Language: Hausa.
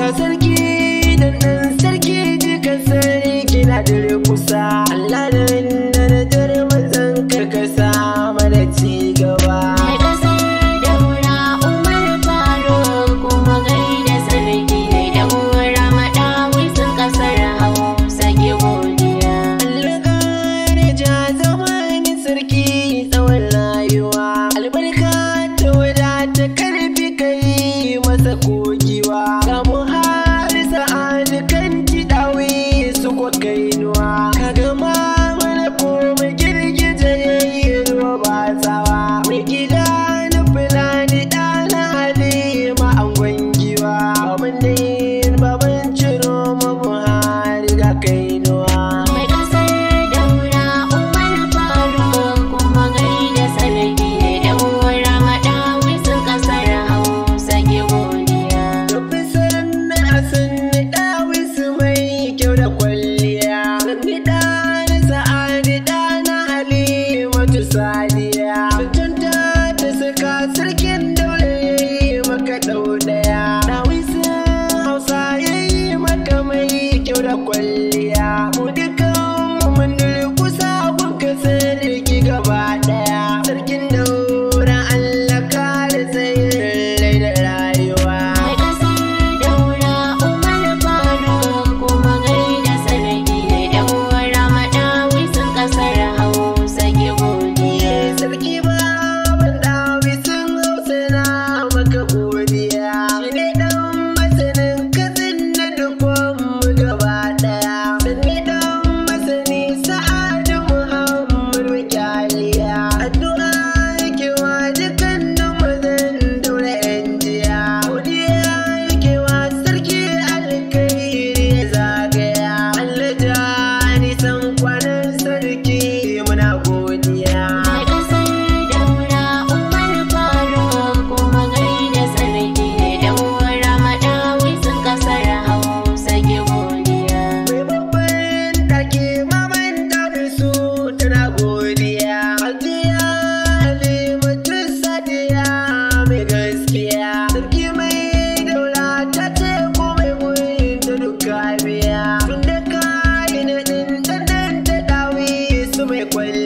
ta sarki dan sarki dukan sarki na dare kusa Allah break while